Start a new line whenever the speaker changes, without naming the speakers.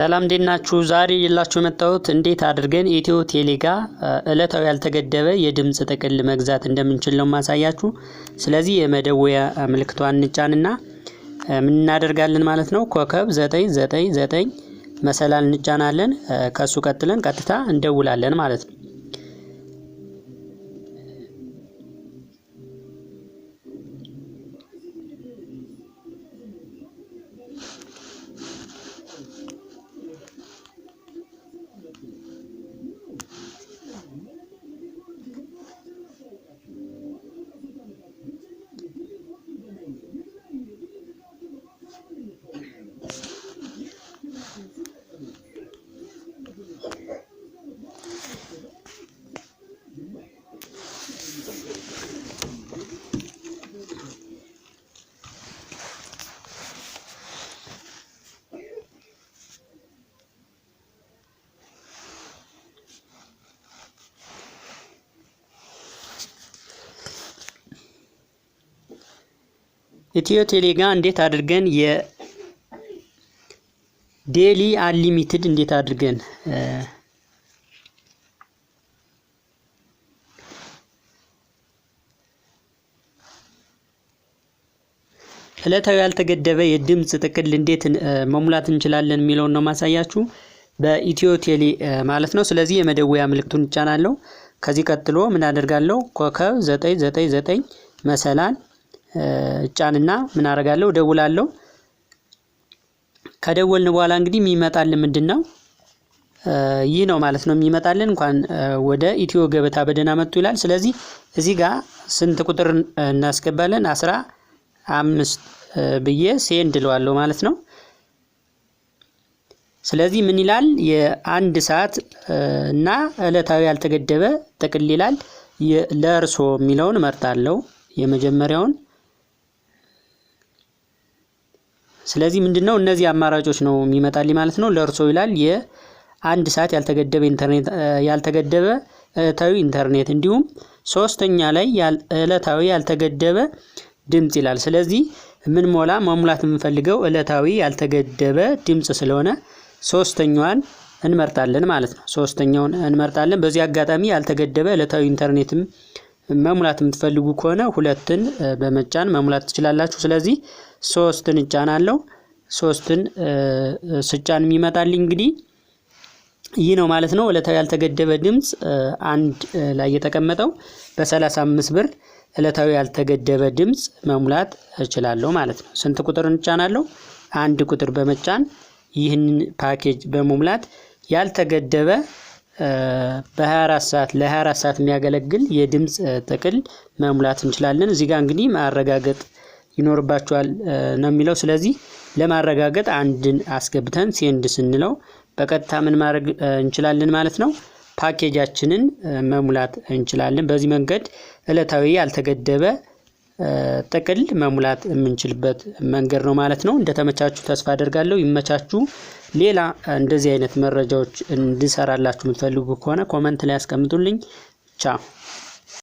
ሰላም እንዴት ናችሁ? ዛሬ የላችሁ የመጣሁት እንዴት አድርገን ኢትዮ ቴሌጋ እለታዊ ያልተገደበ የድምፅ ጥቅል መግዛት እንደምንችል ነው ማሳያችሁ። ስለዚህ የመደወያ ምልክቷን እንጫንና ምን እናደርጋለን ማለት ነው ኮከብ 999 መሰላል እንጫናለን። ከሱ ቀጥለን ቀጥታ እንደውላለን ማለት ነው። ኢትዮ ቴሌጋ እንዴት አድርገን የዴሊ አንሊሚትድ እንዴት አድርገን እለታዊ ያልተገደበ የድምፅ ጥቅል እንዴት መሙላት እንችላለን የሚለውን ነው ማሳያችሁ በኢትዮ ቴሌ ማለት ነው። ስለዚህ የመደወያ ምልክቱን እጫናለሁ። ከዚህ ቀጥሎ ምን አደርጋለሁ? ኮከብ 999 መሰላል እጫንና ምን አደርጋለሁ እደውላለሁ። ከደወልን በኋላ እንግዲህ የሚመጣልን ምንድን ነው? ይህ ነው ማለት ነው የሚመጣልን። እንኳን ወደ ኢትዮ ገበታ በደህና መጡ ይላል። ስለዚህ እዚህ ጋር ስንት ቁጥር እናስገባለን? አስራ አምስት ብዬ ሴንድ እለዋለሁ ማለት ነው። ስለዚህ ምን ይላል? የአንድ ሰዓት እና እለታዊ ያልተገደበ ጥቅል ይላል። ለእርሶ የሚለውን እመርጣለሁ የመጀመሪያውን ስለዚህ ምንድነው እነዚህ አማራጮች ነው የሚመጣልኝ ማለት ነው። ለእርሶ ይላል የአንድ ሰዓት ያልተገደበ ኢንተርኔት ያልተገደበ እለታዊ ኢንተርኔት እንዲሁም ሶስተኛ ላይ እለታዊ ያልተገደበ ድምፅ ይላል። ስለዚህ ምን ሞላ መሙላት የምንፈልገው እለታዊ ያልተገደበ ድምፅ ስለሆነ ሶስተኛዋን እንመርጣለን ማለት ነው። ሶስተኛውን እንመርጣለን። በዚህ አጋጣሚ ያልተገደበ እለታዊ ኢንተርኔትም መሙላት የምትፈልጉ ከሆነ ሁለትን በመጫን መሙላት ትችላላችሁ። ስለዚህ ሶስትን እጫናለሁ። ሶስትን ስጫን የሚመጣልኝ እንግዲህ ይህ ነው ማለት ነው። እለታዊ ያልተገደበ ድምፅ አንድ ላይ የተቀመጠው በ35 ብር እለታዊ ያልተገደበ ድምፅ መሙላት እችላለሁ ማለት ነው። ስንት ቁጥር እንጫናለሁ? አንድ ቁጥር በመጫን ይህን ፓኬጅ በመሙላት ያልተገደበ በ24 ሰዓት ለ24 ሰዓት የሚያገለግል የድምፅ ጥቅል መሙላት እንችላለን። እዚህ ጋር እንግዲህ ማረጋገጥ ይኖርባቸዋል ነው የሚለው። ስለዚህ ለማረጋገጥ አንድን አስገብተን ሴንድ ስንለው በቀጥታ ምን ማድረግ እንችላለን ማለት ነው ፓኬጃችንን መሙላት እንችላለን። በዚህ መንገድ እለታዊ ያልተገደበ ጥቅል መሙላት የምንችልበት መንገድ ነው ማለት ነው። እንደተመቻችሁ ተስፋ አደርጋለሁ። ይመቻችሁ። ሌላ እንደዚህ አይነት መረጃዎች እንድሰራላችሁ የምትፈልጉ ከሆነ ኮመንት ላይ ያስቀምጡልኝ። ቻው